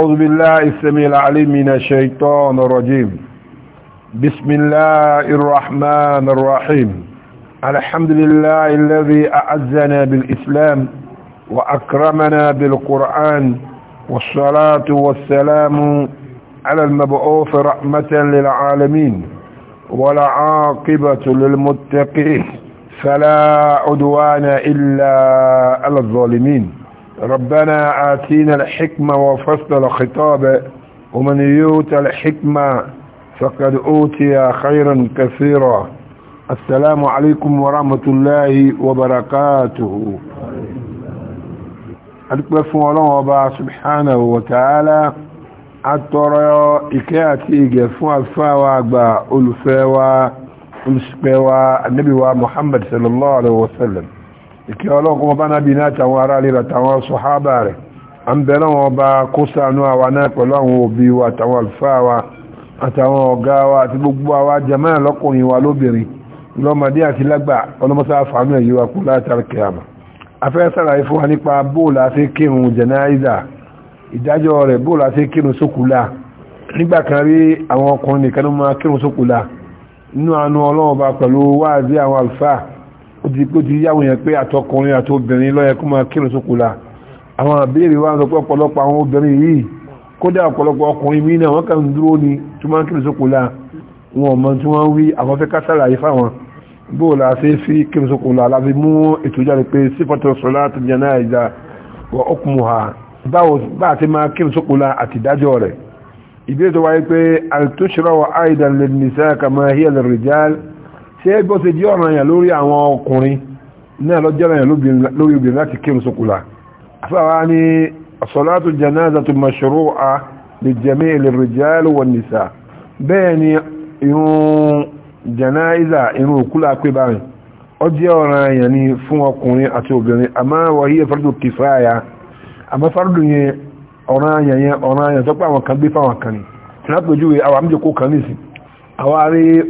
أعوذ بالله السميع العليم من الشيطان الرجيم بسم الله الرحمن الرحيم الحمد لله الذي أعزنا بالإسلام وأكرمنا بالقرآن والصلاة والسلام على المبعوث رحمة للعالمين ولا عاقبة للمتقين فلا عدوان إلا على الظالمين ربنا آتينا الحكمة وفصل الخطاب ومن يوت الحكمة فقد أوتي خيرا كثيرا السلام عليكم ورحمة الله وبركاته أتكفوا الله وبا سبحانه وتعالى أترى إكاتي جفوا الفاوى أقبى ألفاوى ألسقوى النبي محمد صلى الله عليه وسلم ìkẹ́ ọlọ́run ọba nábi náà tàwọn ará lè ràtàwọn sọ̀hábà rẹ̀ a ń bẹ̀rẹ̀ wọn bá kó sànú àwa náà pẹ̀lú àwọn òbí wa àtàwọn àlùfáà wa àtàwọn ọ̀gá wa àti gbogbo àwa jàmáà lọ́kùnrin wa lóbìnrin lọ́mọdé àti lágbà ọlọ́mọsá fàánú ẹ̀yí wa kú látàrí kìámà afẹ́ sàlàyé fún wa nípa ó ti yáwọn yẹn pé àtọkùnrin àti obìnrin lọ́yẹ kó máa kírun sókù la àwọn àbẹ́rẹ́ wa sọ pé ọ̀pọ̀lọpọ̀ àwọn obìnrin yìí kódà ọ̀pọ̀lọpọ̀ ọkùnrin mí náà wọ́n kàn dúró ni tó máa kírun sókù la wọn mọ tí wọ́n wí àwọn fẹ́ kásàlà yìí fáwọn bóò la ṣe fi kírun sókù la láti mú ètò jáde pé sífọ́tò sọlá tó jẹ náà ìjà wọ ọkùnrin ha báwo bá ti máa kírun sókù la àti ìdájọ́ rẹ̀ ìbéèrè ṣe gbọ́ ṣe di ọ̀ràn yẹn lórí àwọn ọkùnrin náà lọ́jọ́ ọ̀ràn yẹn lórí obìnrin láti kírun sókùlà afẹ́wà ní salatu janazatu mashru'a li jami'il rijal wan nisa bẹ́ẹ̀ ni irun janaza irun òkúlà pé báyìí ó jẹ́ ọ̀ràn yẹn ni fún ọkùnrin àti obìnrin àmọ́ wa hiya fardu kifaya àmọ́ fardu yẹn ọ̀ràn yẹn yẹn ọ̀ràn yẹn tó pé àwọn kan gbé fáwọn kan ni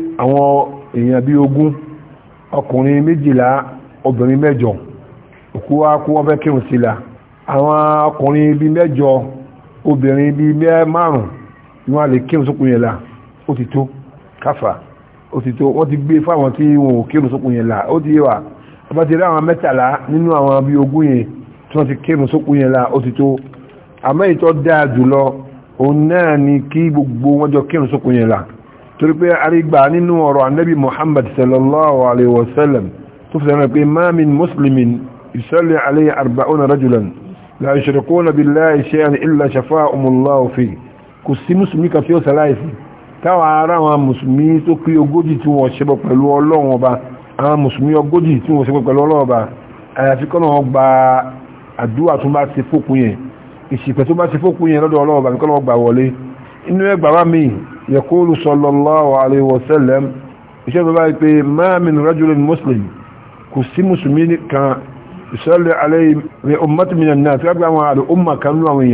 èèyàn bí ogún ọkùnrin méjìlá obìnrin mẹ́jọ òkú wa kú wọ́n fẹ́ kírun sí la àwọn ọkùnrin bí mẹ́jọ obìnrin bí márùn ni wọ́n lè kírun sókun yẹn la ó ti tó káfà ó ti tó wọ́n ti gbé fáwọn tí wọn ò kírun sókun yẹn la ó ti yé wa ọba ti rí àwọn mẹ́tàlá nínú àwọn bí ogún yẹn tí wọ́n ti kírun sókun yẹn la ó ti tó àmọ́ ìtọ́ dáa jùlọ òun náà ni kí gbogbo wọn jọ kírun sókun yẹn la torí pé arígbà nínú ọ̀rọ̀ annabi muhammad sallallahu alaihi wasallam tó fi sẹ́rẹ̀ pé ma min muslimin yusalli alaihi arba'una rajulan la yushrikuna billahi shay'an illa shafa'ahumullahu fi kò sí musulmi kan tí ó sàláìsì táwọn ará àwọn musulmi tó kí ogójì tí wọ́n ṣe pẹ̀lú ọlọ́run ọba àwọn musulmi ogójì tí wọ́n ṣe pẹ̀lú ọlọ́run ọba àyàfi kọ́nà ọgbà àdúrà tó bá ti fókun yẹn ìṣìpẹ̀ يقول صلى الله عليه وسلم يشهد ذلك ما من رجل مسلم كسي مسلمين كان يصلي عليه لأمة من الناس يبقى على أمة كانوا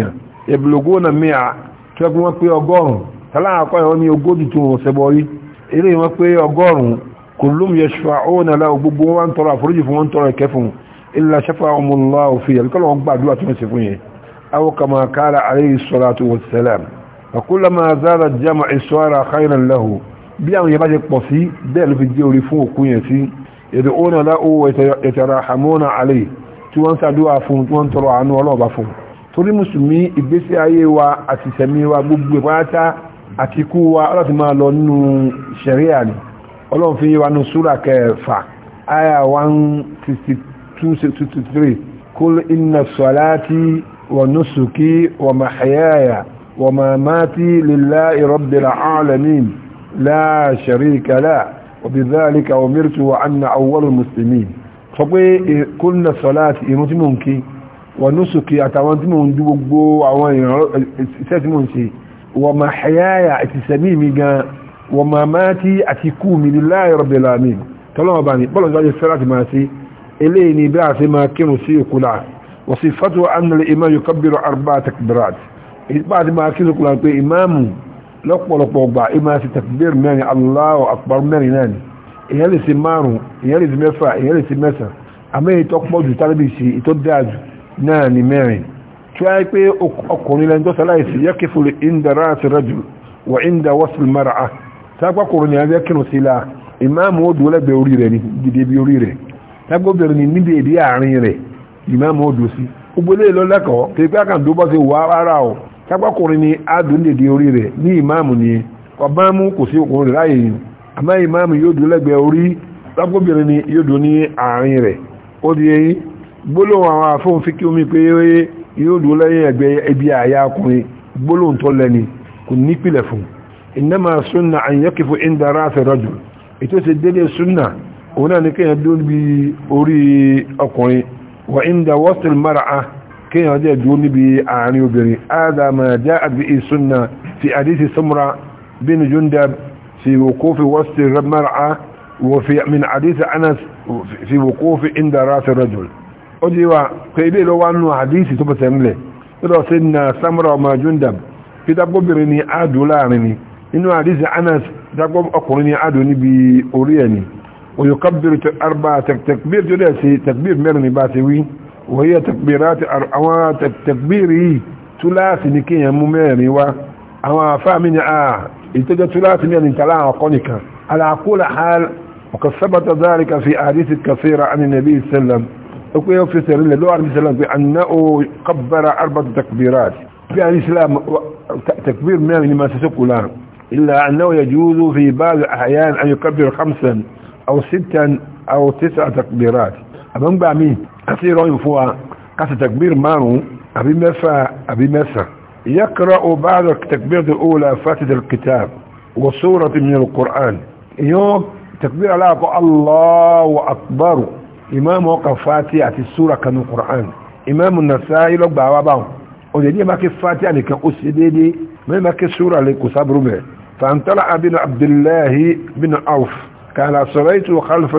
يبلغون مئة تبقى ما في أقارن فلا أقول أني أقودتهم سبوري إليه ما في أقارن كلهم يشفعون له ببوان ترى فرج فوان ترى كفهم إلا شفعهم الله فيه الكلام أقبع دعاة مسفوية أو كما قال عليه الصلاة والسلام فكلما زاد الجمع الشوارع خيرا له بيعمل يباجي قصي بيعلو في الجيوري فوق كوينتي يدعون له ويتراحمون عليه tí wọ́n ń sàdúwà fún tí wọ́n ń tọrọ àánú ọlọ́ọ̀bá fún torí mùsùlùmí ìgbésí ayé wa àti ìṣẹ̀mí wa gbogbo ìpáyátá àti ikú wa ọlọ́ti máa lọ nínú ṣẹ̀ríà ni ọlọ́run fi yé wa ní súrà وما ماتي لله رب العالمين لا شريك لا وبذلك أمرت وأن أول المسلمين فقوي كل صلاة إنوتي منكي ونسكي أتوانت من جبقبو إساتي منسي ومحياي أتسميمي ومماتي أتكومي لله رب العالمين طالما باني بلو جاجة الصلاة ماسي إليني بعث ما كنوا سيقلع وصفته أن الإمام يكبر أربع تكبيرات ìpá àti máa kíso kùlá pé ìmáàmù lọ́pọ̀lọpọ̀ gbà ìmáà sí takbir mẹ́rin Allahu akbar mẹ́rin náà ni èyàn lè ṣe márùn èyàn lè ṣe mẹ́fà èyàn lè ṣe mẹ́sàn àmọ́ èyí tó pọ̀ jù tálíbì sí ètò dáàjù náà ni mẹ́rin tí wáyé pé ọkùnrin lẹ́ni tó sáláìsì yẹ́ kí fúlẹ̀ inda ra'si rajul wà inda wasl mar'a ni a fẹ́ kírun sí la ìmáàmù ni níbi èdè àárín rẹ̀ ìmáàmù ó dúró sí gbogbo eléyìí lọ lẹ́kọ̀ọ́ kí pé àkàndó bọ́ sí wà rárá o tápákùnrin ni adùn lè di orí rẹ̀ ní ìmáàmù ni ọbámú kò sí ọkùnrin rẹ̀ láàyè àmá ìmáàmù yóò dùn lẹ́gbẹ̀ẹ́ orí lápóbìnrin ni yóò dùn ní àárín rẹ̀ ó di eyín gbólóhùn àwọn àfóhùn fi kí omi pé yóò dùn lẹ́yìn ẹgbẹ́ ibi àyà ọkùnrin gbólóhùn tó lẹ́ni kò nípìlẹ̀ fún ìnáma súnà àyẹ́kìfò ìndara àfẹ́rọ́jù ètò ti dédé súnà òun náà ní kéèyàn dún bí orí ọkùnrin wà ìndà kéèyàn jẹ́ dúró níbi àárín obìnrin ádámà jẹ́ àbí ìsúnà fi àdísì samura bin jundab fi wòkófì wọ́sí mara wòfì min àdísì anas fi wòkófì inda rasi rajul ó jẹ́ wa pé ilé lọ wá nù àdísì tó pẹ̀sẹ̀ ńlẹ̀ lọ́dọ̀ sí na samura ọmọ jundab fi dágbóbìnrin ni àdó láàrin ni inú àdísì أربعة تكبير جلسي تكبير مرني باتوي وهي تكبيرات أو تكبيري ثلاث نكية مميري و أو فامن آه إتجا ثلاث من انتلاع قنكا على كل حال وقد ثبت ذلك في أحاديث كثيرة عن النبي صلى الله عليه وسلم أقول في سر الله عليه وسلم بأنه كبر أربع تكبيرات في الإسلام تكبير ما من ما ستقول إلا أنه يجوز في بعض الأحيان أن يكبر خمسا أو ستا أو تسع تكبيرات àbẹ́ngbà míì kásì ìrọ̀yìn fún wa kásì takbir márùn-ún àbí mẹ́fà àbí mẹ́sàn يقرأ بعد التكبير الأولى فاتحة الكتاب وسورة من القرآن يوم تكبير على الله أكبر إمام وقف فاتحة السورة كان القرآن إمام النسائي لك بابا وجدي ما كيف فاتحة لك أسديدي ما ما كيف سورة لك صبر به فانطلع بن عبد الله بن عوف كان صليت خلف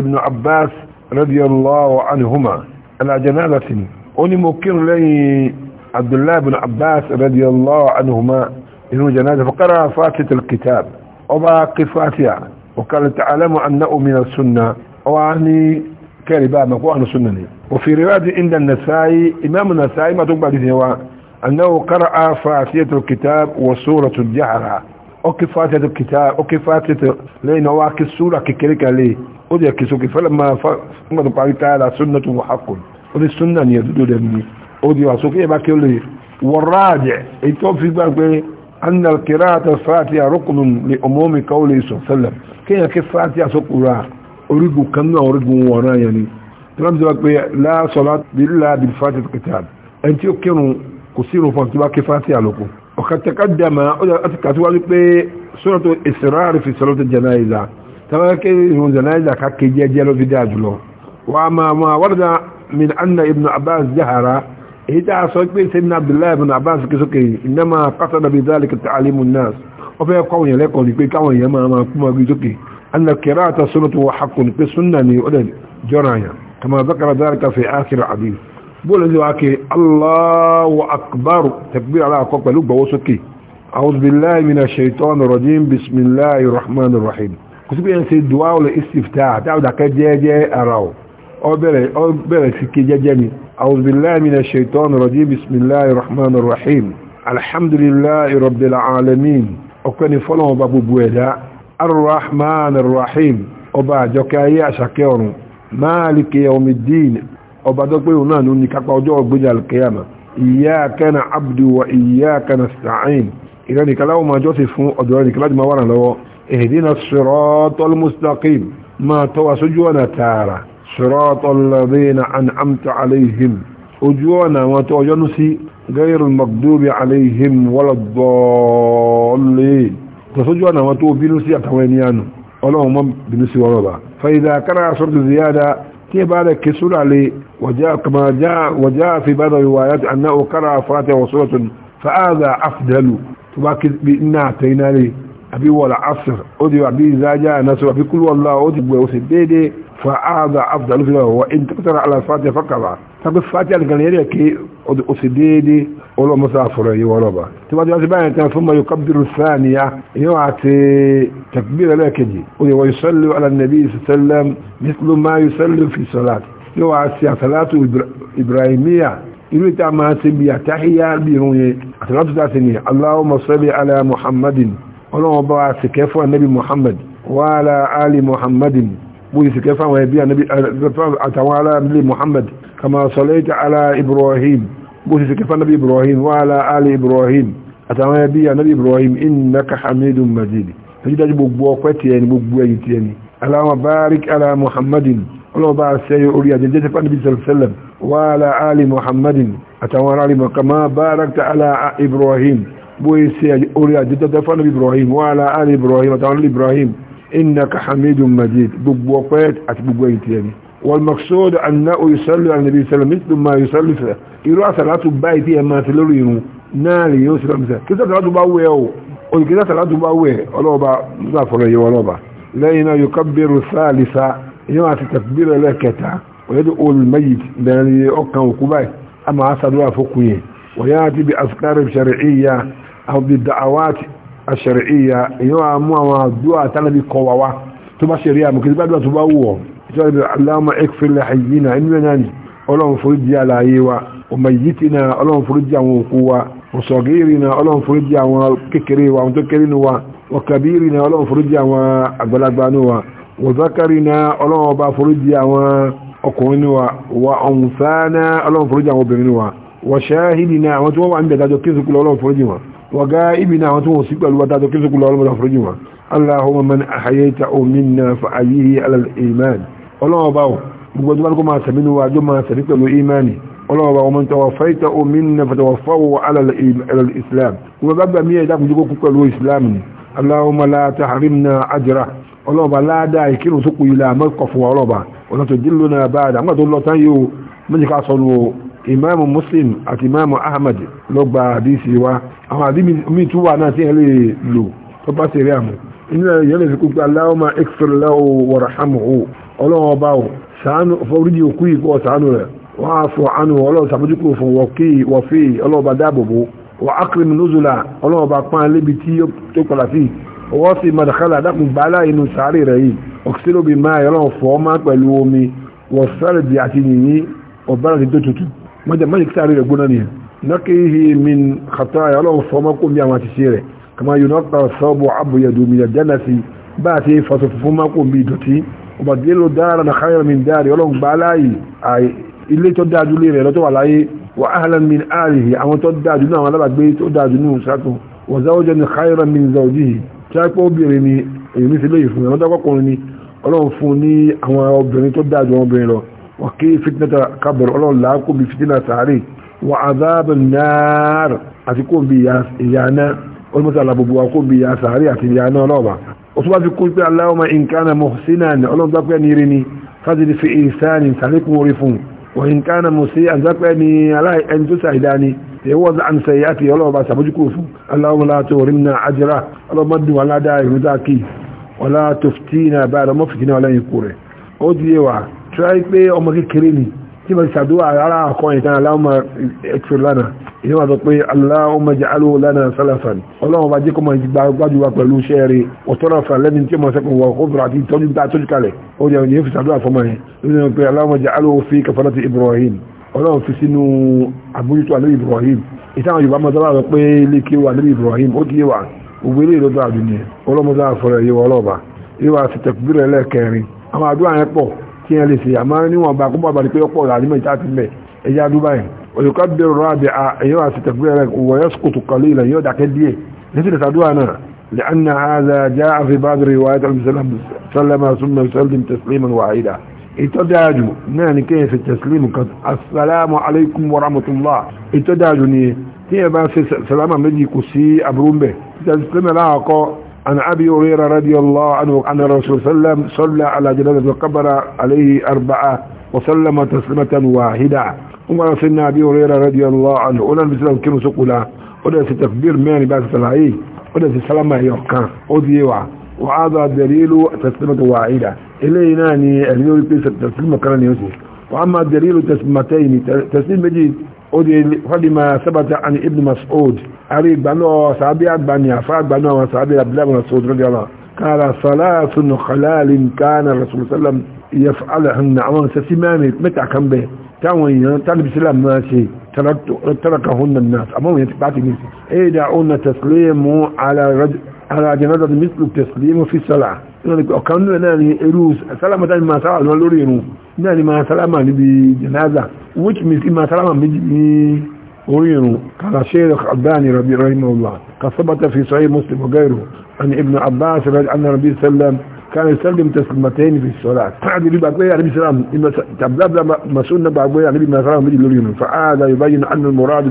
ابن عباس رضي الله عنهما على جنازة أني مكر لي عبد الله بن عباس رضي الله عنهما إنه جنازة فقرأ فاتحة الكتاب وباقي فاتحة وقال تعلم أنه من السنة وعني كالباء مقوان السنة وفي رواية عند النسائي إمام النسائي ما تقبل ذنوى أنه قرأ فاتحة الكتاب وسورة الجعرة أوكي فاتحة الكتاب أوكي فاتحة لين واكي السورة كيكريكا ليه ودي يكسوك فلما فرمت قال تعالى سنة وحق ودي السنة يدودو لمني ودي وعسوك إيه باكي ولي والراجع إيتو في بالك أن القراءة الفاتحة ركن لأموم قوله صلى الله عليه وسلم كي يكي الفاتحة سقرا أريد كنا أريد ورا يعني تلمز باك لا صلاة إلا بالفاتحة الكتاب أنت يكينوا كسيروا فاتحة كفاتحة لكم وقد تقدم أتكاتوا لك سورة إسرار في صلاة الجنائزة تواكي من جنازة كاكي جيلو في داجلو وما ما ورد من أن ابن عباس جهر إذا صدق سيدنا عبد الله بن عباس كسكي إنما قصد بذلك تعليم الناس وفي قوي لكم لكي قوي يما ما كما كسكي أن القراءة سنة وحق في سنة ولد جرايا كما ذكر ذلك في آخر الحديث بول ذواكي الله أكبر تكبير على أكبر لبا وسكي أعوذ بالله من الشيطان الرجيم بسم الله الرحمن الرحيم kùsùkú yẹn ṣe dùwà ọ̀lẹ̀ istifta dáadákẹ́ jẹ́ẹ́jẹ́ ara ọ̀ ọbẹ̀rẹ̀ sí ké jẹ́jẹ́ ni auzubillahi minash shaitanir rajim bismillahir rahmanir rahim alhamdulillahi rabbil alamin ọpẹ́ ni fọ́lọ́wọ́ bá gbogbo ẹ̀dá arrahmanir rahim ọba àjọkẹ́ ayé àṣàkẹ́ ọ̀run maliki yawmiddin ọba dọ́gbé òun náà ní kápá ọjọ́ ọgbẹ́jà alkiyama iyyaka na'budu wa iyyaka nasta'in ìrẹ́nìkà láwọn fún ọ̀dọ̀ láti máa wà náà lọ́wọ́ اهدنا الصراط المستقيم ما توسجونا تارا صراط الذين أنعمت عليهم أجونا ما توجنسي غير المكذوب عليهم ولا الضالين توسجونا ما توبينسي أتوانيان اللهم بنسي وربا فإذا كان صرت زيادة تبارك كسول عليه وجاء كما جاء وجاء في بعض الروايات أنه قرأ فاتحة وسورة فهذا أفضل تبارك بإنا أتينا ليه àbí wọ́la asir ó di àbí ìzájá nasir àbí kúlù wọ́la ó ti gbẹ̀ ó sì dédé fa áàdà afdal fi wọ́n in tẹ́kítàrà aláfàtíà fàkàlà tàbí fàtíà nìkan yẹ́rẹ́ kí ó sì dédé olóòmọ́sá fọ̀rọ̀ yìí wọ́n lọ́ba tí wọ́n ti wọ́n ti báyìí tán fún mayu kabiru sáàniya yóò àti takbir ẹlẹ́kẹjì ó yẹ wọ́n yóò sọ́lù alànàbí sẹ́lẹ̀m mísìlú máa yóò sọ́lù fi irú ìta máa ti bí àtàhíyá bí irun yẹn àsàlátù tá a ti ní allahumma muhammadin ọlọ́wọ́ bá sìkẹ́ fún anábì muhammad wàhálà ali muhammadin bó yìí sìkẹ́ fún àwọn ẹbí anábì àtàwọn aláàbílẹ̀ muhammad kama sọlẹ́ta ala ibrahim bó yìí sìkẹ́ fún anábì ibrahim wàhálà ali ibrahim àtàwọn ẹbí anábì ibrahim innaka hamidun majid dájúdájú gbogbo ọpẹ́ tiẹ̀ ni gbogbo ẹ̀yìn tiẹ̀ ni aláwọ̀ bárik ala muhammadin ọlọ́wọ́ bá sẹ́yọ orí àjẹjẹ́ fún anábì sallallahu wàhálà ali muhammadin àtàwọn aláàbílẹ̀ بوي سي اوري اجد دفن ابراهيم وعلى ال ابراهيم وعلى ابراهيم انك حميد مجيد بوبو قيت اتبوغو يتيني والمقصود انه يصلي على النبي صلى الله عليه وسلم مثل ما يصلي فيه يروح صلاه بايت ما تلوري نال يوسف مثل كذا صلاه باوي او كذا صلاه باوي ولوبا مزافر يولوبا لينا يكبر الثالثه يوم التكبير لكتا ويدعو الميت بان يؤكن وكباي اما اسدوا فوقيه وياتي باذكار شرعيه أو بالدعوات الشرعية يوم دعاء تنبي قواوا تبا شريعة ممكن بعد تبا هو اللهم اكفر لحينا اننا اللهم فرج على ايوا وميتنا اللهم فرج عن قوا وصغيرنا اللهم فرج عن ككري وانتكرين وكبيرنا اللهم فرج عن اغبلغبانوا وذكرنا اللهم با فرج عن اكونوا وانثانا اللهم فرج عن وبنوا وشاهدنا وتوا عند ذلك كذلك اللهم فرج عن وغائبنا وانتم سيقل وتاتو كيف كل الله الفرجوا اللهم من احييت منا فاحيه على الايمان اللهم باو بغدو بالكم ما سمينوا واجو ما سمي كلو ايماني اللهم باو من توفيت منا فتوفوا على على الاسلام وبابا مي دا بجو كلو اسلام اللهم لا تحرمنا اجره اللهم لا داعي كيلو سوق الى مكف ولبا ولا تدلنا بعد ما دول تان يو من كاسلو imaamu muslim àti imaamu ahmed ló gba àdísì wa àwọn àdísì mi tún wà náà tí ẹ lè lò tó bá ṣe rí àmọ́ inú ẹ̀ yẹn lè fi kúkú aláwọ̀má ẹ̀kṣọ́rọ̀ láwọ̀ wọ̀rọ̀hámù ọlọ́wọ́ bá wọ̀ sàánù fọ́rídìí òkú ìkọ́ sàánù rẹ̀ wọ́n á sọ àánú ọlọ́wọ́ sàmójúkú fún wọ́kí wọ́fí ọlọ́wọ́ dáàbòbò wọ́n akrim nuzula bá pán mọ́jẹ̀ mọ́jẹ̀ kí sáré rẹ̀ gbóná nìyẹn nakihi min khataya ọlọ́run fọmọ́ kó bí àwọn àtìsí rẹ̀ kama yóò náà kọ́ sọ́ọ̀bù abuyadu mi jẹ́nà sí bá a ṣe fọ́sọ̀ fún mọ́ kó bí ìdọ̀tí ọba délò dára na káyọ̀ mi dáre ọlọ́run gbá láàyè ilé tó dájú lé rẹ̀ lọ́tọ̀ wà láyé wà áhàlán min ààrìhì àwọn tó dájú náà àwọn alábàgbé tó dájú ní òṣàtún wà záwọ́jọ́ ni káyọ̀ min zawjihi tí a pọ́ وكيف فتنة قبر الله لكم بفتنة سعري وعذاب النار أتكون بيانا والمثال أبو بواكم بيا سعري أتبيانا نوبا وصبا في كل بي اللهم إن كان محسنا اللهم ذاك نيرني فضل في إنسان سعريك مورفون وإن كان مسيئا ذاك لا أنت سعيداني يوضع عن سيئاتي اللهم بس أبو جكوفو اللهم لا تورمنا أجره اللهم أدو على دائه ذاكي ولا تفتينا بعد مفتنا ولا يكوره أدري وعا tí wáyé pé ọmọ kékeré ni tí ma ṣàdúwà ara àkọ́ ìtàn aláwọ̀mà ẹ̀tù lánà ìyẹn wà sọ pé aláwọ̀mà jẹ́ alówó lánà sálàsàn ọlọ́wọ̀n bá jẹ́ kọ́ ma gbájú wa pẹ̀lú iṣẹ́ rẹ̀ ọ̀tọ́rọ̀ fà lẹ́ni tí ma sẹ́kùn wọ̀ kó fìrà àti tọ́jú bá tọ́jú kalẹ̀ ó ní ẹ̀yẹ́ fi ṣàdúwà fọmọ yẹn ló ní pé aláwọ̀mà jẹ́ alówó fi kẹfọ́nà ti Ibrahim ọlọ́wọ̀n fi sínú àbójútó alẹ́ Ibrahim ìtàn Yorùbá àwọn àdúrà yẹn pọ̀ tí a lè ṣe àmá níwọ̀n bá kúmọ̀ bá ní pé ọ̀pọ̀ àrímọ̀ ìta ti mẹ́ ẹja dubai olùkọ́ bẹ̀rù rábì àyẹ̀wò àti tẹ̀gbẹ́ rẹ̀ wọ̀nyẹ́ sùkùtù kọ̀lé ilẹ̀ yóò díẹ̀ لأن هذا جاء في بعض روايات عليه السلام سلم ثم يسلم تسليما واحدا ìtọ́dájú náà ní kíyàn sí tẹ̀sílìmù kan assalamu alaikum wa rahmatullah ìtọ́dájú ni tí ẹ bá ṣe salama méjì عن أبي هريرة رضي الله عنه أن الرسول صلى صلى على جنازة القبر عليه أربعة وسلم تسلمة واحدة وما سيدنا أبي هريرة رضي الله عنه أولا بسلام كم سقلا أولا ستكبير ماني باس سلعي أولا سلامة يوكا أوذيوع وهذا دليل تسلمة واحدة إلينا أني أهلي يقول تسلمة كان يسلم وأما دليل تسلمتين تسليم مجيد فلما ثبت عن ابن مسعود علي بنو صحابي بني عفا بنو صحابي عبد الله بن مسعود رضي الله قال صلاة خلال كان الرسول صلى الله عليه وسلم يفعلهن عوان سسماني متى كان به تاوين تلب سلام ماشي تركهن الناس امام يتبعتي نيسي ايه دعونا تسليم على رجل على جنازة مثل التسليم في الصلاة ọ̀kan nínú náà ni irú sálámàtà ni máa sálámà lórí irun náà ni máa sálámà níbi jẹnáza which means máa sálámà méjì ní orí irun kàrà ṣe àbáni rabi rahimahullah kasabata fi sahih muslim ogairu an ibn abbas anna rabi sallam kan yusallim taslimatayn fi salat ta'di riba qay rabi sallam tabla bla masun nabagwe rabi ma sálámà méjì lórí irun fa ada yubayyin anna al murad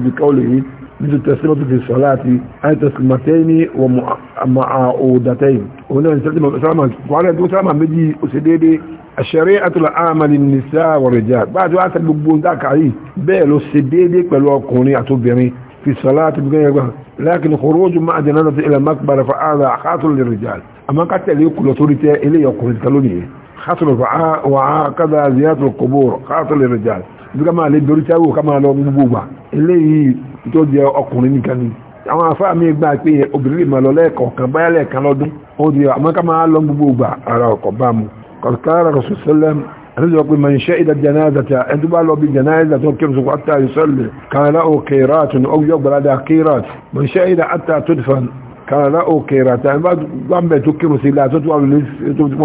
مثل تسليمة في الصلاة أي تسليمتين ومعاودتين هنا نستخدم سلامة وعلى دو سلامة بدي أسديدي الشريعة العامة للنساء والرجال بعد وقت البقبون ذاك عليه بيلو السديدي بلو أقوني أتوبيني في الصلاة لكن خروج ما جنازة إلى مقبرة فهذا خاطر للرجال أما قد تليق لطورته إليه يقول الكلونية خاطر وعاقذا زيادة القبور خاطر للرجال bí ká máa lè dorí tí àwọn ká máa lọ gbogbo wà eléyìí tó jẹ ọkùnrin nìkan ni àwọn afáà mi gbà pé obìnrin lè máa lọ lẹ́ẹ̀kọ̀ọ̀kan báyà lẹ́ẹ̀kan lọ́dún ó di àmọ́ ká máa lọ gbogbo wà ara ọkọ̀ bá mu kọ̀tàrà rọ̀sù sẹ́lẹ̀m àtúnṣe pé màá ń ṣe ìdá jẹnáza tí a ẹni tó bá lọ bí jẹnáza tó kí ọ̀sùn àtà ìsọ̀lẹ̀ kàrà ó kàrà ó kèrà tí a bá ń bẹ̀ tó kírù sí ilá tó tó wọ́n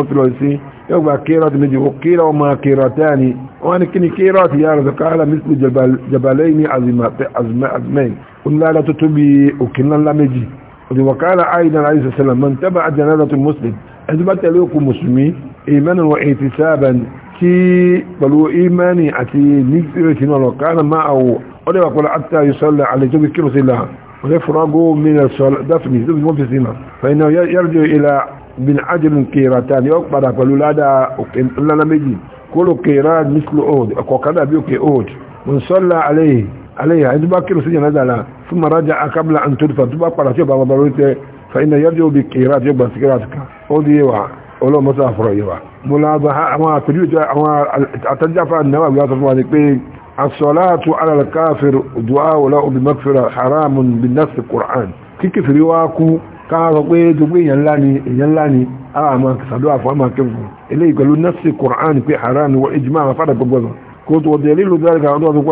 fi lọ sí yóò gba kèrà tí méjì ó kèrà ọmọ kèrà tí a ní wọ́n ni kí ni kèrà tí yára tó kàrà mísìlì jabalẹ́ ní azmẹ́ onílára tó tóbi òkìlánlá méjì òdìwọ̀kára àìdàn àìsà sàlámà tẹ́bà àjànára tó mùsùlùm ẹni bá tẹ̀lé òkú mùsùlùmí ìmẹ́nu wa ètì sáàbàn kí pẹ̀lú ويفرغ من الدفن يدفن في سنة فإنه يرجع إلى من عجل كيرتان يقبل قالوا لا دا لنا مجي كل كيران مثل أود وكذا بيك أود من صلى عليه عليها عندما كل سنة نزل ثم رجع قبل أن تدفن ثم أقبل شبه مبروته فإن يرجع بكيرات يقبل سكيراتك أود يوعى ولو مسافر يوعى ملاحظة أما تجوز أما تجفى النواب يا تصواني الصلاة على الكافر دعاء له بمغفرة حرام بالنص القرآن كيكفر واكو káàkọ̀ pé gbogbo èèyàn ńlá ni èèyàn ńlá ni ara àmà sàdúrà fún àmà kẹfù eléyìí pẹ̀lú nọ́ọ̀sì kùránì pé haram ni wọ́n ijima àwọn fàdà gbogbo ọ̀sán kò tó wọ́dẹ̀ lílo dárí kan ọdún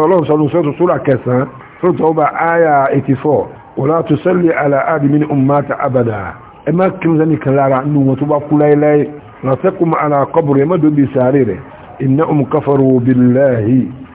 ọlọ́run sọdún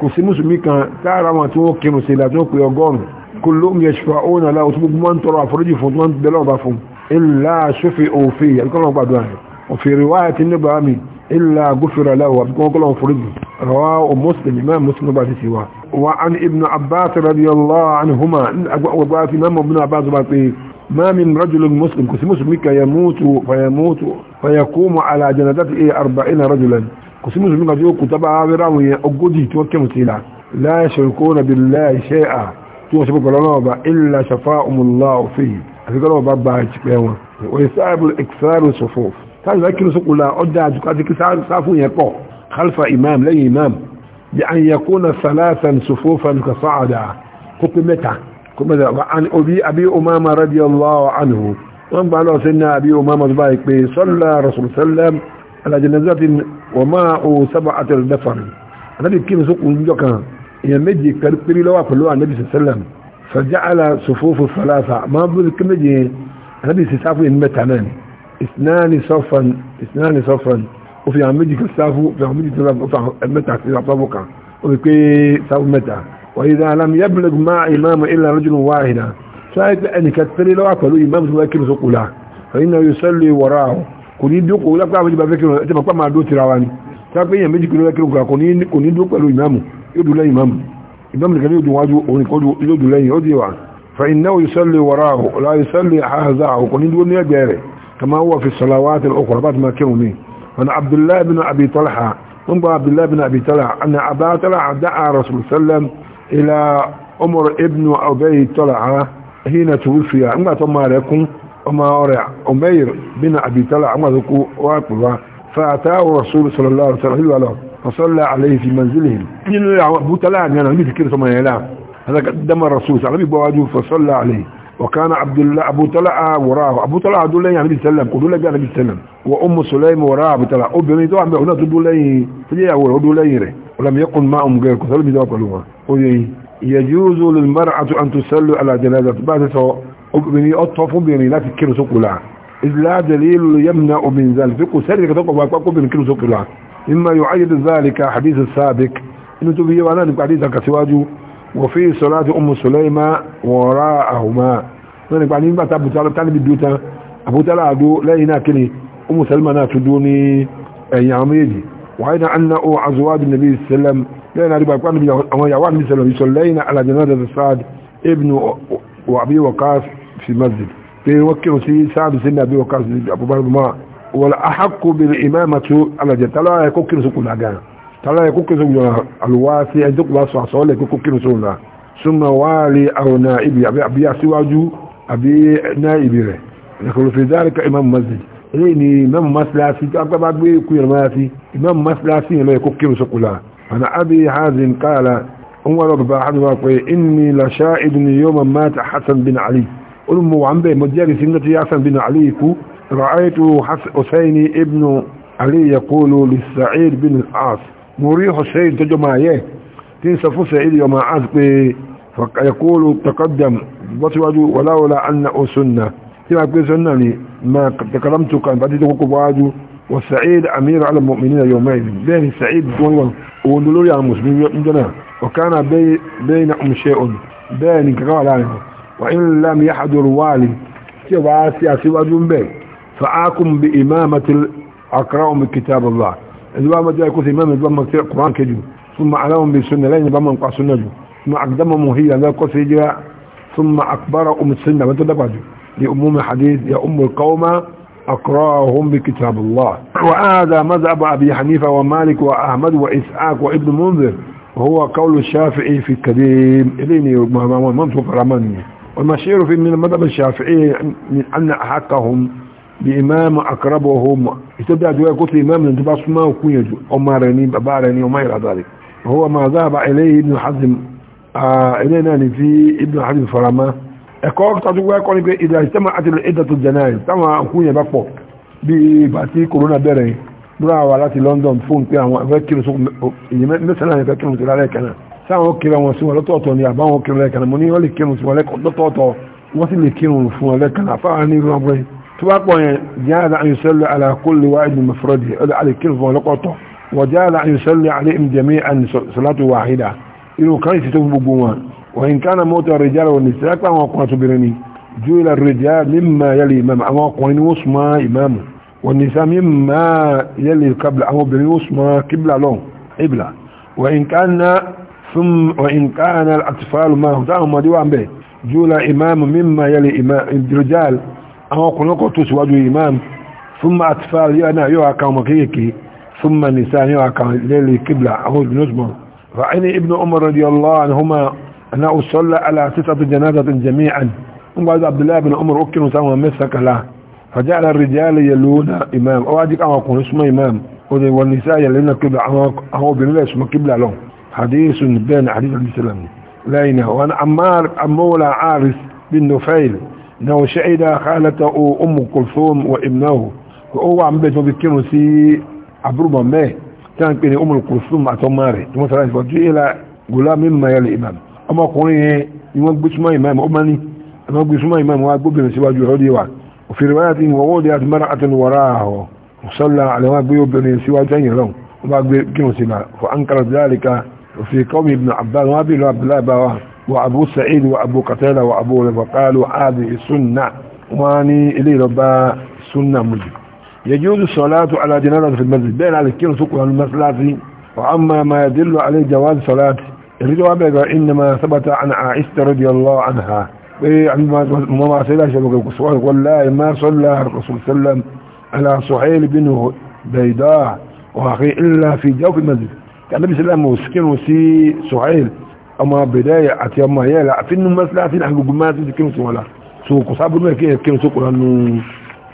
kò sí mùsùlùmí kan táàrà wọn tí wọ́n kírun sí ìlàjọ́ pé ọgọ́rùn kò ló ń yẹ ṣùfà òun àlá òtún gbogbo máa ń tọrọ àforíjì fún tó ń bẹ̀rẹ̀ ọba fún ilá ṣófin òfin àbíkọ́lọ́ gbàdúrà rẹ̀ òfèrè wáyà ti nígbà mi ilá gófèrè aláwọ̀ àbíkọ́lọ́ kò sí mùsùlùmí kan tí ó kù tábà rẹ́rẹ́ àwọn èèyàn ogójì tí wọ́n kẹ́mù sí ilà la yashirkuna billahi shay'a tí wọ́n ṣe pẹ̀lú ọlọ́wọ́ bá illa shafa'umullahu fihi àti kọ́lọ́wọ́ bá bá jìpẹ́ wọn òye sáàbù ìkìsáàrù sọ̀fọ̀ táàbù bá kírun sókùnlá ọjà àti kí sáfù yẹn pọ̀ khalfa imam lẹ́yìn imam bí an yakuna salasan sufufan ka sa'ada kó pé mẹ́ta kó wọ́n gbà lọ ní abi umama tó pé sallallahu rasul على جنازات وماء سبعة دفر النبي كيف سوق جوكا يمجي كريبي لو قالوا النبي صلى الله عليه وسلم فجعل صفوف الثلاثة ما بذلك مجي النبي سيسافو ينمتعنان اثنان صفا اثنان صفا وفي عمجي كسافو في عمجي كسافو وفي عمتع سيسافوكا وفي سافو متع وإذا لم يبلغ مع إمام إلا رجل واحدا سألت أن كتري لو قالوا إمام سوى كيف سوق فإنه يصلي وراءه kò ní dókòó lápá àwọn ìjọba fẹ́kìrò ẹ̀tẹ́ pàpá máa dó tira wa ni sápé èèyàn méjì kìlọ́ lẹ́kìrò kò ní kò ní dó pẹ̀lú ìmáàmù yóò dùn lẹ́yìn ìmáàmù ìmáàmù nìkan yóò dùn wájú òun kò yóò dùn lẹ́yìn ó di wa fa innahu yusalli waraahu la yusalli hazahu kò ní dúró ní ẹgbẹ́ rẹ̀ kama huwa fi salawat al-ukhra bá ti máa kírun ni wọn abdullahi bin abi talha wọn gba abdullahi bin abi ọmọ ọ̀rẹ́ Umayr bin Abi Talha amadu wà pẹ̀lú فأتاه الرسول صلى الله عليه وسلم فصلى عليه في منزلهم أبو تلا يعني أنا نبي كده ثمانية لا هذا قدم الرسول صلى الله عليه وسلم فصلى عليه وكان عبد الله أبو تلا وراه أبو تلا عبد الله يعني بيسلم قدوا لك يعني بيسلم وأم سليم وراه أبو تلا أبني دوا عم هنا تدوا لي تجي أول هدوا لي ولم يكن معهم غير كسلم دوا قالوا يجوز للمرأة أن تسلوا على جنازة بعد سواء obìnrin ọ̀tọ̀ fúnbìnrin láti kírun sókòlá ìlàdẹ̀lẹ́lù yẹ́mìnà obìnrin zalifí kò sẹ́rì kẹta kọ̀gbà pápóbìnrin kírun sókòlá mimma yu'ayyid zalika hadith sabiq inú tó fi yẹ wa náà nípa hadith àkàsíwájú wọ fi salati Umm Sulaima wọ̀rá àhùmá náà nípa nígbà tábìbì dúta àbútálà àdó lẹ́yìn náà kiri Umm Sulaima náà tún dúó النبي صلى الله عليه وسلم لأن أريد ابن وأبي وقاص في مسجد بيوكل سي سعد سنة بيوكل سي أبو بكر ما ولا والأحق بالإمامة على جد تلا يكوكل سكول أجان تلا يكوكل سكول الواسي أجدك الله صلى الله عليه يكوكل سكول ثم والي أو نائب أبي أبي أسواجو أبي نائب له يقول في ذلك إمام مسجد إني إمام مسلاسي أقرب أبي كوير ماسي إمام مسلاسي ما يكوكل سكول أنا أبي حازم قال رب بن حزم إني لشاهد يوما مات حسن بن علي olùmọ̀ wà ń bẹ̀ mọ̀ jẹ́rì sí nítorí Hassan bin Ali ikú ra'aitu hussein ibn Ali yaqulu li Sa'id bin al-As mo rí hussein tọ́jọ́ máa yẹ tí ń sọ fún Sa'id yọ máa as pé yaqulu taqaddam bọ́síwájú wàláwọlá anna o sunna tí wàá pé sunna ni ma takaramtu kan bá títí kókó wájú wa Sa'id amir ala mu'minina yawmayn bẹ́ẹ̀ Sa'id wọn wọn òun lórí àwọn mùsùlùmí ń wa kana bayna um shay'un bẹ́ẹ̀ ni وإن لم يحضر والي تبع سياسي وجنبه فآكم بإمامة أقرأهم كتاب الله إذا ما يكون إمام إذا ما القرآن كجو ثم أعلمهم بالسنة لين إذا ما نقع سنة جو ثم أقدمهم هي لا يكون سيجرى ثم أكبرهم السنة ما تدبع لأموم الحديث يا أم القوم أقرأهم بكتاب الله وهذا مذهب أبي حنيفة ومالك وأحمد وإسحاق وابن منذر وهو قول الشافعي في الكريم إليني مهما ممسوك رماني والمشهور في من المذهب الشافعي من أن حقهم بإمام أقربهم يتبع دواء قلت الإمام أن تبع سماء وكوية أمارني ببارني وما إلى ذلك وهو ما ذهب إليه ابن حزم آه إلينا في ابن حزم فرما ẹ̀kọ́ tàbíwá ẹ̀kọ́ ní pé ìdá ìsẹ́mà àti ìdàtò jẹ́nàì táwọn àkúnyẹ̀ bá pọ̀ bí ìgbà tí corona bẹ̀rẹ̀ lọ́wọ́ láti London fún pé àwọn ẹgbẹ́ kírùsùn ìyẹn mẹ́sàn-án ẹgbẹ́ kírùsùn lálẹ́ kẹ́nà sáwọn kiri wọn sí wọn lọ́tọ̀ọ̀tọ̀ ni àbáwọn kiri lẹ́kànnà mo ní wọ́n lè kírun sí wọn lọ́tọ̀ọ̀tọ̀ wọ́n sì lè kírun fún wọn lẹ́kànnà fáwọn ní ìrún abúlé tó bá pọ̀ yẹn jáàdá an yusalli ala kulli wahidin mafradi ọdọ alẹ́ kírun fún wọn lọ́tọ̀ọ̀tọ̀ wọ́n ثم وإن كان الأطفال ما هداهم مديوان به جول إمام مما يلي إمام رجال أو قلقوا وجو إمام ثم أطفال يانا يوها يوعكا مكيكي ثم النساء يوها يوعكا ليلي كبلة أهو نجمع فعين ابن عمر رضي الله عنهما أنا أصلى على ستة جنازة جميعا وقال عبد الله بن عمر أكل وسام ومسك له فجعل الرجال يلون إمام أو أجيك أو أكون اسمه إمام والنساء يلون كبلة أو بنلا اسمه كبلة لهم حديث بين علي بن السلام لينه وأن عمار مولى عارس بن نفيل أنه شهد خالته أم كلثوم وابنه هو عم بيت بيكيرو سي عبرو ما كان بين أم كلثوم أتماري ثم ثلاث إلى غلام مما يلي إمام أما قولي يوم بسمع إمام أمني أما بسمع إمام واجب بن سواج يهودي وفي رواية ووضعت مرأة وراه وصلى على واجب بن سواج يلون واجب كيرو سي فأنكرت ذلك وفي قوم ابن عباس وابي عبد الله وابو سعيد وابو قتاله وابو وقالوا هذه سنه واني الي ربا سنه مجد يجوز الصلاه على جنازه في المسجد بين على الكيلو سوق المسلاتي واما ما يدل عليه جواز صلاه الرجوع انما ثبت عن عائشه رضي الله عنها وما سيلا شبك السؤال والله ما صلى الرسول صلى الله عليه وسلم على سهيل بن بيداء واخي الا في جوف المسجد كان نبي سلام عليه وسي سعيل اما بداية اتي اما لا فين المسلا فين احنا قمات سكنوا ولا سوق صعب ما كانوا سوق لانه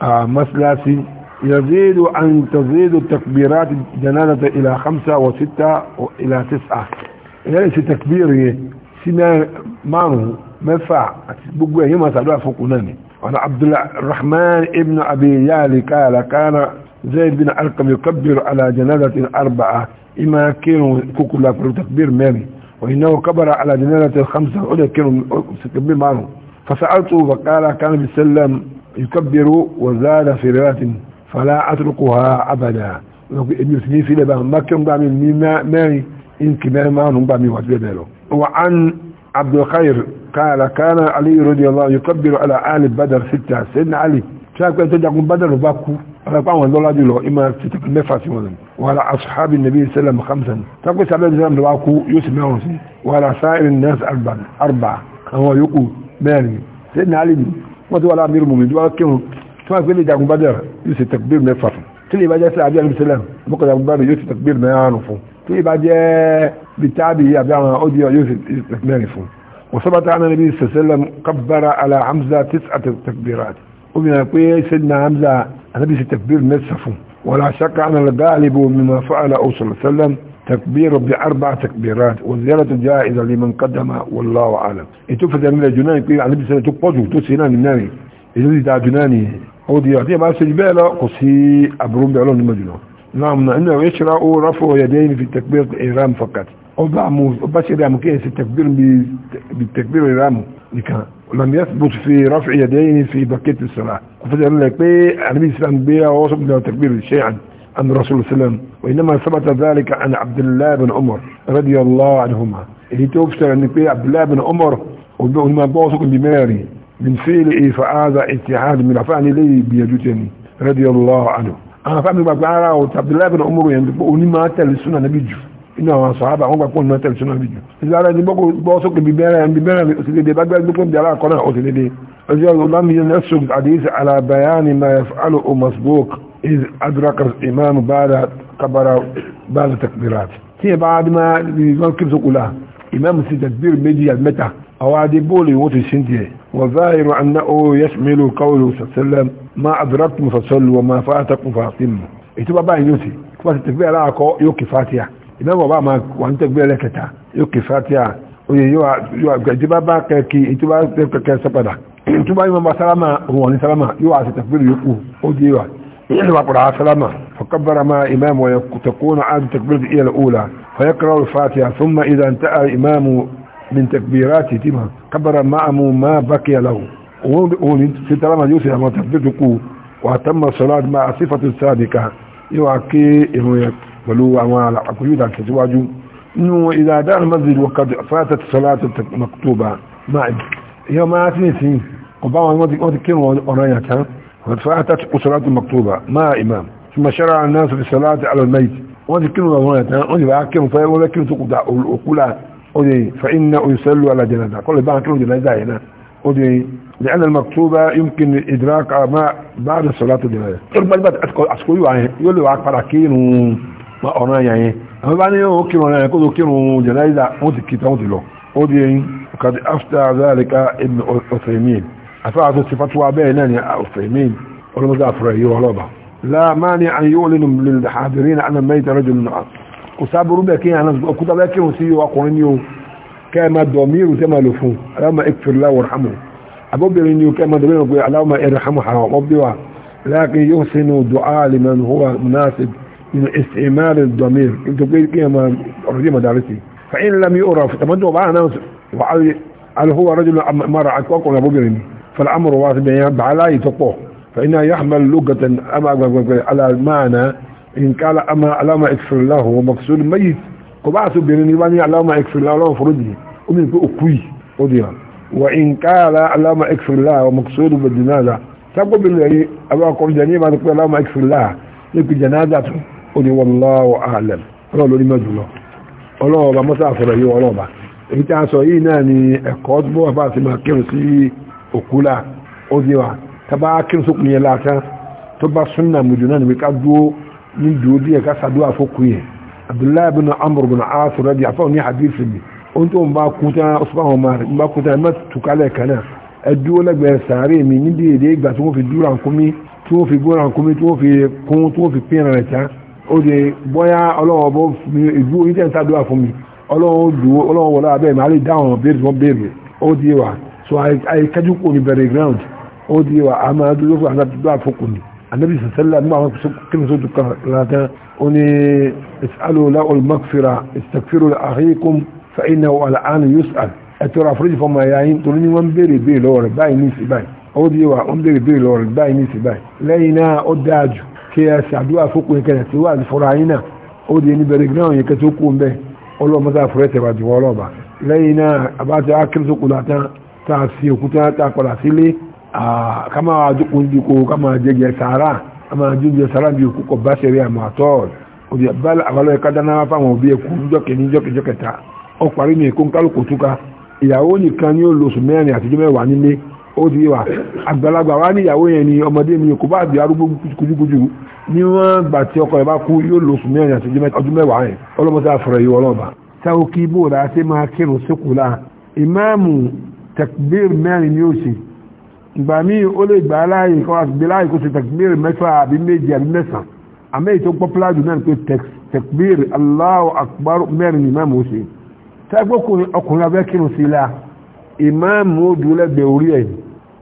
آه، مسلا يزيد ان تزيد التكبيرات جنازة الى خمسة وستة الى تسعة يعني سي تكبير سينا مانو مفع بقوة يما سعدوا فوق ناني وانا عبد الرحمن ابن ابي يالي قال كان زيد بن علقم يكبر على جنازة أربعة إما كانوا كوكو لا تكبير مالي وإنه كبر على جنازة الخمسة أولا كانوا تكبير معهم فسألته فقال كان بالسلام يكبر وزاد في رواة فلا أتركها أبدا ابن سنين في لبا ما كانوا بعمل مما إن كمان معهم بعمل واتبه له وعن عبد الخير قال كان علي رضي الله يكبر على آل بدر ستة سيدنا علي شاكو أن تجعكم بدر وباكو ọlọ́pàá àwọn lọ́lá jùlọ ìmọ̀ títí mẹ́fà sí wọn wàhálà asuhabi nabi sallam khamsan tako sábẹ́ sallam lọ́wọ́ kú yóò sì mẹ́wọ̀n sí wàhálà sáìrin nas arba àwọn yòókù mẹ́rin sí ní alì ní wọ́n ti wà láàmì rùmùmí tí wọ́n kírun tí wọ́n pèlè jagun bá dẹ̀rẹ̀ عن النبي صلى الله عليه وسلم كبر على حمزة تسعة تكبيرات ومن يقول سيدنا حمزة النبي تكبير نصفه ولا شك أن الغالب مما فعل صلى الله عليه وسلم تكبير بأربع تكبيرات وزيارة جائزة لمن قدم والله أعلم اتفت من الجنان يقول عن نبي سنة تقضوا تسينان الناني إذا دا جناني هو دي يعطيه ما سجباله قصي أبرون بعلون المجنون نعم إنه يشرع رفع يدين في تكبيرة الإيرام فقط أبا بشر يا مكيس التكبير بالتكبير الإيرامه لم يثبت في رفع يديه في بقيه الصلاة فجأة salah kò fẹ́ lẹ́lẹ́ pé ànábì islam gbé ọwọ́ sọ́kùnrin takbir shay'an عن رسول وسلم وإنما ثبت ذلك عن عبد الله بن عمر رضي الله عنهما اللي توفت أن في عبد الله بن عمر وما بوثق بماري من إيه فآذا اتحاد من عفاني لي بيجوتني رضي الله عنه أنا فأمي بقى عبد الله بن عمر يعني ما تلسنا نبي جفت inú àwọn sàábà wọn gbàgbọ́ ìmọ̀ tẹ̀lé sínú àbíjù ìlara ẹni gbọ́ sókè bí bẹ́rẹ̀ bí bẹ́rẹ̀ òsì dédé bá gbẹ́ gbẹ́gbẹ́ bí aláàkọ́ náà òsì dédé ọjọ́ ọlọ́mìyẹ nẹ́sùn àdéhìsì alábàyáni ma yafalu omasbuk is adraka imam bada kabara bada takbirat tí ẹ bá adé máa bí wọn kí sókù la imam sì takbir méjì àti mẹ́ta àwọn adé bóòlù ìwọ́n ti ṣe ń tiẹ̀ وظاهر أنه يشمل قوله صلى الله عليه وسلم ما أدركتم فصلوا وما فاتكم فأقيموا إتبع بقى يوسي تبقى تتبع لها يوكي فاتحة ìmẹ́wọ̀ bá máa wà ní tẹ́gbẹ́ ẹlẹ́kẹta yóò kè fatia oye yóò àgbẹ̀jẹ́ bá bá kẹ́kì ìtúbá kẹ́kẹ́ sẹ́padà ìtúbá yóò máa sálámà òun wà ní sálámà yóò àti tẹ́gbẹ́ yòókù ó di wa ìyẹn wà pàdà sálámà فكبر مع إمام وتكون عاد تكبيرة إلى الأولى فيقرأ الفاتحة ثم إذا انتهى الإمام من تكبيراته pẹ̀lú àwọn àkójúdà tẹ̀síwájú nínú ìdáadá almasjid wakad fatat salatu maktuba máa ìyá máa tí nìsín ọba wọn ti kí wọn ọ̀rọ̀ yà tán fatat salatu maktuba máa imam ثم شرع الناس في الصلاة على الميت وانت كلمة مهنة وانت بأكلم فهي ولا كلمة أقولها أودي فإن يسلوا على جنازة كل بعض كلمة جنازة هنا أودي لأن المكتوبة يمكن إدراك ما بعد صلاة الجنازة كل ما بعد أسكوي وعيه يقول له وعاك فراكين ọ̀ràn ẹ̀yà yẹn àwọn bá ní ó kírun ọ̀ràn ẹ̀yà kó tó kírun jẹ̀láìzà wọ́n ti kìtà wọ́n ti lọ ó di ẹyin kàdí after zalika ibn ọ̀sẹ̀mìn àfáà tó ti fatuwa bẹ́ẹ̀ náà ni ọ̀sẹ̀mìn ọlọ́mọdé àfúrà yìí ọlọ́ba la mani an yóò lẹ́nu lè hàdìrí ní àná mẹ́ta rẹ̀ jùlọ náà kò sábúrú bẹ́ẹ̀ kí àná òkúta bẹ́ẹ̀ kírun sí ọkùnrin ni o kẹ́ ẹ máa dọ̀mí irú استعمال الضمير انت قلت كما رجل مدارسي فإن لم يعرف تمدوا معنا هل هو رجل مرأة وقل أبو جرمي فالأمر واسع بين على يتقوه فإنه يحمل لغة أما على المعنى إن قال أما ألما اكفر الله ومقصود ميت قبعت بيرني واني ألما اكفر الله له فرده ومن أكوي وديها وإن قال ألما اكفر الله ومقصود بالجنازة تقول بالله أبا قول ما تقول ألما اكفر الله. لك جنازته ó ní wallahu a'lam ọlọ́run lórí mẹ́jù lọ ọlọ́run ọba mọ́sá àfọ̀rọ̀ yìí ọlọ́run ọba èyí tí a sọ yìí náà ni ẹ̀kọ́ tó bọ́ bá ti máa kírun sí òkú là ó di wa tábà kírun sókun yẹn látàn tó bá súnà mùjù náà ni ká dúó ní dúó díẹ̀ ká sàdúrà fókù yẹn abdullahi bin amr bin aas rẹ̀ di àfọ̀rọ̀ ní hadith mi ohun lẹ́gbẹ̀ẹ́ sàárè mi níbi èdè ìgbà tí wọ́n fi dúrà nkúmi tí wọ́n fi gbóra nkúmi tí wọ́n fi kún tí wọ́n fi pín ẹ̀rẹ̀ tán ó de bọ́yá ọlọ́wọ́ bó mi ìdúró yìí tẹ̀ ń sádùá fún mi ọlọ́wọ́ dùn ọlọ́wọ́ wọlé abẹ́ mi alẹ́ dáhùn béèrè wọn béèrè ó di wa so àìkájú kò ní bẹ̀rẹ̀ ground ó di wa àmọ́ adúló fún anadúló àfọkù ni anabi sasẹ́lá nígbà wọn kí ni sójú kan látàn ó ní ìsàlùlá olùmọ́kfìrà ìsàkfìrò àhíkùn fẹ́ẹ́nà àlàánù yusuf ẹ̀tọ́rọ̀ àforíjì fọmọ ẹ̀yà yín torí ní wọ́n béèrè béèrè lọ́wọ́ rẹ̀ báyìí ní ìsìn báyìí ó di wa wọ́n béèrè béèrè lọ́wọ́ rẹ̀ báyìí ní ìsìn báyìí lẹ́yìn náà ó dáa jù kí ẹ ṣàdúrà fókun kẹrẹ tí wà fúnra yín náà ó di ẹni bẹ̀rẹ̀ gíráwọ̀ yẹn kẹtó kú ń bẹ́ ọlọ́mọta fúrẹ́ tẹ̀wà jù wọ́n lọ́ba lẹ́yìn náà àbájá akérésókò látàn tá a fi òkúta tá a padà sílé ká máa jókòó ju kó ká máa jẹjẹ sàárà ká máa jójẹ sàárà bí òkú kọ̀ bá ṣeré àmọ́ àtọ́ òbí àbálọ́ ẹ̀ka dáná fáwọn òbí ẹ̀kú jọ́kẹ̀ní jọ́kẹ̀jọ́kẹta ọkùnrin mi kó ń kálukú túká ìyàwó nìkan ni ó lóṣù mẹ́rin àtijọ́ mẹ́wàá nílé ó di wa àgbàlagbà wa ní ìyàwó yẹn ni ọmọdé mi kò bá di arúgbó kujúkujú ní wọn gbà tí ọkọ yẹn bá kú yóò lò sùn mẹ́rin àti ọdún mẹ́wàá yẹn ọlọmọdé àfọrọ yìí ọlọmọba. táwọn kí ibò ṣe máa kírun síkù la ìmáàmù takbir mẹ́rin ni ó ṣe ìgbà míì ó lè gbà láàyè kó àgbè láàyè kó ṣe takbir mẹ́fà àbí méje àbí mẹ́sàn àmọ́ èyí tó pọ́pùlà jù náà ni pé takbir Allahu akbar mẹ́rin ni ìmáàmù ó ṣe. táwọn ọkùnrin abẹ́kírun sí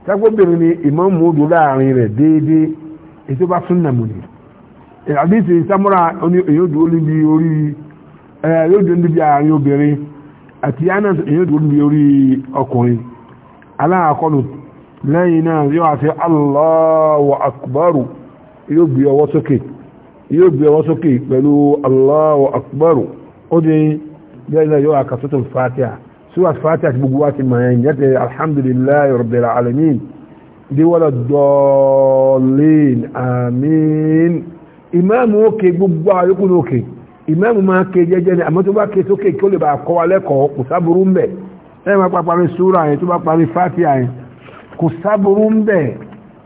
tágbóbìnrin ni ìmáàmù odò láàrin rẹ̀ déédéé ètò bá súnnà mú ni àdíṣe sámúra èyódò níbi orí èyódò níbi àárín obìnrin àti anas èyódò níbi orí ọkùnrin aláàkọlù lẹ́yìn náà yóò àti Allahu akbaru yóò gbé ọwọ́ sókè yóò gbé ọwọ́ sókè pẹ̀lú ó dín náà yóò àkàtútù سوى فاتح بقوات المهين الحمد لله رب العالمين دي ولا الضالين آمين إمام أوكي بقوا يكون أوكي إمام ما كي جيجاني أما تبا كي سوكي كل بقى قوالك وصبرون به ẹ̀mà pàpàrí súra yẹn tó bá parí fátíà yẹn kò sáburú ń bẹ̀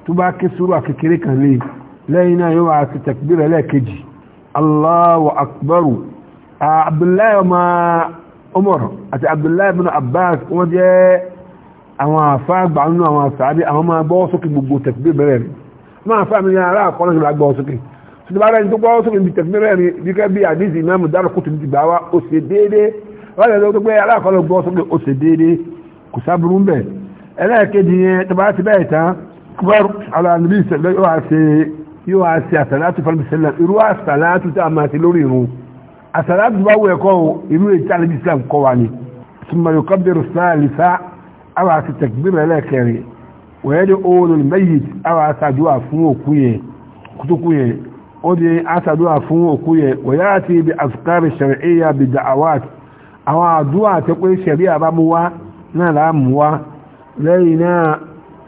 tó bá ké súra kékeré kan lè lẹ́yìn náà yóò wá sí tẹ̀kbírẹ̀ lẹ́ẹ̀kejì Allahu akbaru Abdullahi ọmọ umar àti abdullahi ibn abbas wọ́n jẹ́ àwọn àfáàgbà nínú àwọn àsàábí àwọn máa gbọ́ sókè gbogbo tẹ̀kbí bẹ̀rẹ̀ rí máa fà mí ara àkọ́nà ìgbà gbọ́ sókè tí bá rẹ̀ tó gbọ́ sókè bí tẹ̀kbí bẹ̀rẹ̀ rí bí kẹ́ bí àdíz imam dára kùtù ti gbà wá ó ṣe déédé wọ́n yẹ tó gbé ara àkọ́nà gbọ́ àsàlátù bá wọ ẹ̀kọ́ irú ètí alẹ́ islam kọ́ wa ni sùmọ̀lù kọ́bìrì sáàlìsá àwọn àti tẹ̀kbìrì ẹlẹ́kẹrin ya oòrùn mẹ́yìt àwọn àsàdúwà fún òkú yẹn kútùkú yẹn ó di àsàdúwà fún òkú yẹn wẹ̀yà àti ibi àfikárì ṣẹ̀rẹ̀ẹ́yà bi da'awat àwọn àdúwà àti pé ṣẹ̀rí àbámuwá na láàmúwá lẹ́yìn náà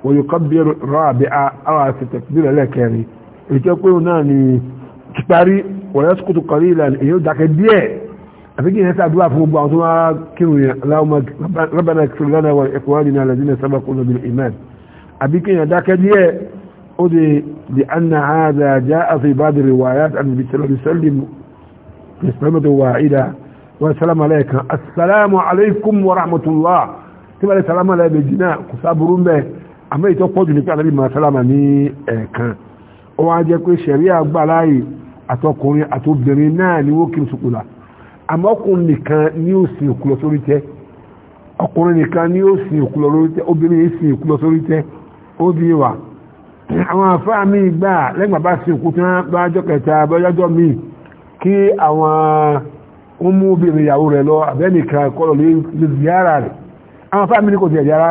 wọ̀yùkọ́bìrì rọ́ àbí àwọn àti tẹ̀kbìrì ẹlẹ́kẹrin ètò pé na ni ti parí wọ̀nyẹ́ sùkútù kọ̀rí ìlànà èyí ó dákẹ́ díẹ̀ àfi kí ìyẹn sàdúrà fún gbogbo àwọn tó máa kírun yẹn aláwọ̀mọ́ rabbana ighfir lana wa li ikhwanina alladhina sabaquna bil iman àbí kí ìyẹn dákẹ́ díẹ̀ ó di di anna hadha jaa fi ba'd riwayat an bi sallallahu alaihi wasallam bisalamatu wa'ida wa salamu alayka assalamu alaykum wa rahmatullah tí wọ́n lè salamu alayka jìnnà kò sábúrú mbẹ́ ní pé àlẹ́ bí ní ẹ̀ẹ̀kan ó wá jẹ́ pé ṣẹ̀ríà gbà láàyè àtọkùnrin àtobìnrin náà ni wọ́n sùkúlà àmọ́ ọkùnrin nìkan ni ó sin òkú sórí tẹ́ ọkùnrin nìkan ni ó sin òkú sórí tẹ́ obìnrin yìí sin òkú sórí tẹ́ ó bí wà àwọn àfáà mi kẹta mi kí àwọn ọmọ obìnrin ìyàwó rẹ̀ lọ abẹ́nìkan kọlọ̀ lè rẹ̀ àwọn àfáà kò rárá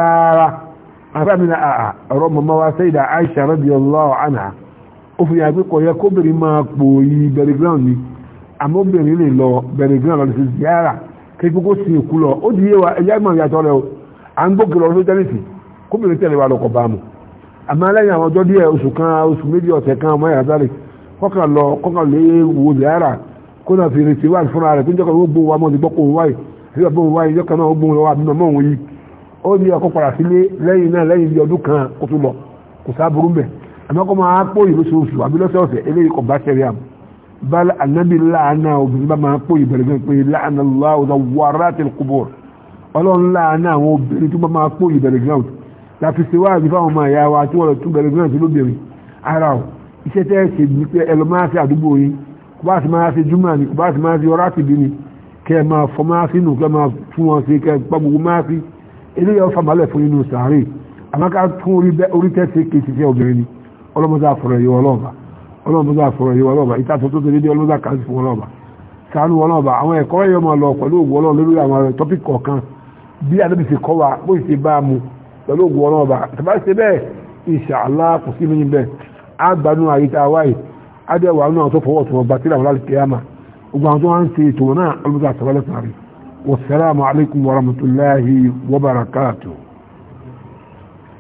àwọn àfáà ọ̀rọ̀ mọ̀mọ́ wa ó fi yàgbé kọ̀ yẹ kóbìnrin máa pò yí bẹ̀rẹ̀ ground ni àmóbìnrin lè lọ bẹ̀rẹ̀ ground lọ sí yàrá kékeré kó sì kú lọ ó di yé wa ẹ̀yà ìmọ̀ ìyàtọ̀ rẹ o à ń gbókè lọ sí tẹ́lifì kóbìnrin tẹ̀lé wa lọkọ̀ bá mu àmọ́ lẹ́yìn àwọn ọjọ́ díẹ̀ oṣù kan oṣù méjì ọ̀sẹ̀ kan ọmọ ìyàtọ̀ rẹ kọ́kà lọ kọ́kà lé wo ziara kó náà fi retí wà fúnra rẹ kó jọ́kọ̀ ó gbó wa mọ́ ti gbọ́ kó wáyé àti bàbá òun wáyé jọ́kọ̀ náà ó gbó wa bí mọ́ àmọ́kọ́ máa pò yìí lóṣooṣù àbí lọ́sẹ̀ọ̀sẹ̀ eléyìí kò bá ṣẹ̀rí àmọ́ bá anábì láàánà obìnrin bá máa pò yìí bẹ̀rẹ̀ gan pé láàánà láwùjọ wàrà tẹ̀ kúbọ̀ ọlọ́run láàánà àwọn obìnrin tó bá máa pò yìí bẹ̀rẹ̀ gan láti ṣe wáàbí fáwọn ọmọ ìyá wa tí wọ́n lọ tún bẹ̀rẹ̀ gan sí lóbìnrin ara ọ̀ iṣẹ́ tẹ́ ṣe ní pé ẹ lọ máa ṣe àdúgbò yìí fún inú sàárè àmọ́ tún orí tẹ́ ṣe kì í ṣiṣẹ́ obìnrin ni ọlọ́mọdé àfọ̀rọ̀ yìí wọn lọ́ba ọlọ́mọdé àfọ̀rọ̀ yìí wọn lọ́ba ìta tó tó dédé ọlọ́mọdé àkàǹtì fún wọn lọ́ba sànù wọn lọ́ba àwọn ẹ̀kọ́ yẹn máa lọ pẹ̀lú ògùn ọlọ́run lórí àwọn tọ́pìkì kọ̀ọ̀kan bí adébí ti kọ́ wa bó ṣe bá a mu pẹ̀lú ògùn ọlọ́run ọba tàbá ṣe bẹ́ẹ̀ ìṣàlá kò sí níyìn bẹ́ẹ̀ á gbanú àyíká wáyé adéwà náà tó fọwọ́ tó bá tíra wọn láti kíyàmà gbogbo àwọn tó wá ń ṣe ètò náà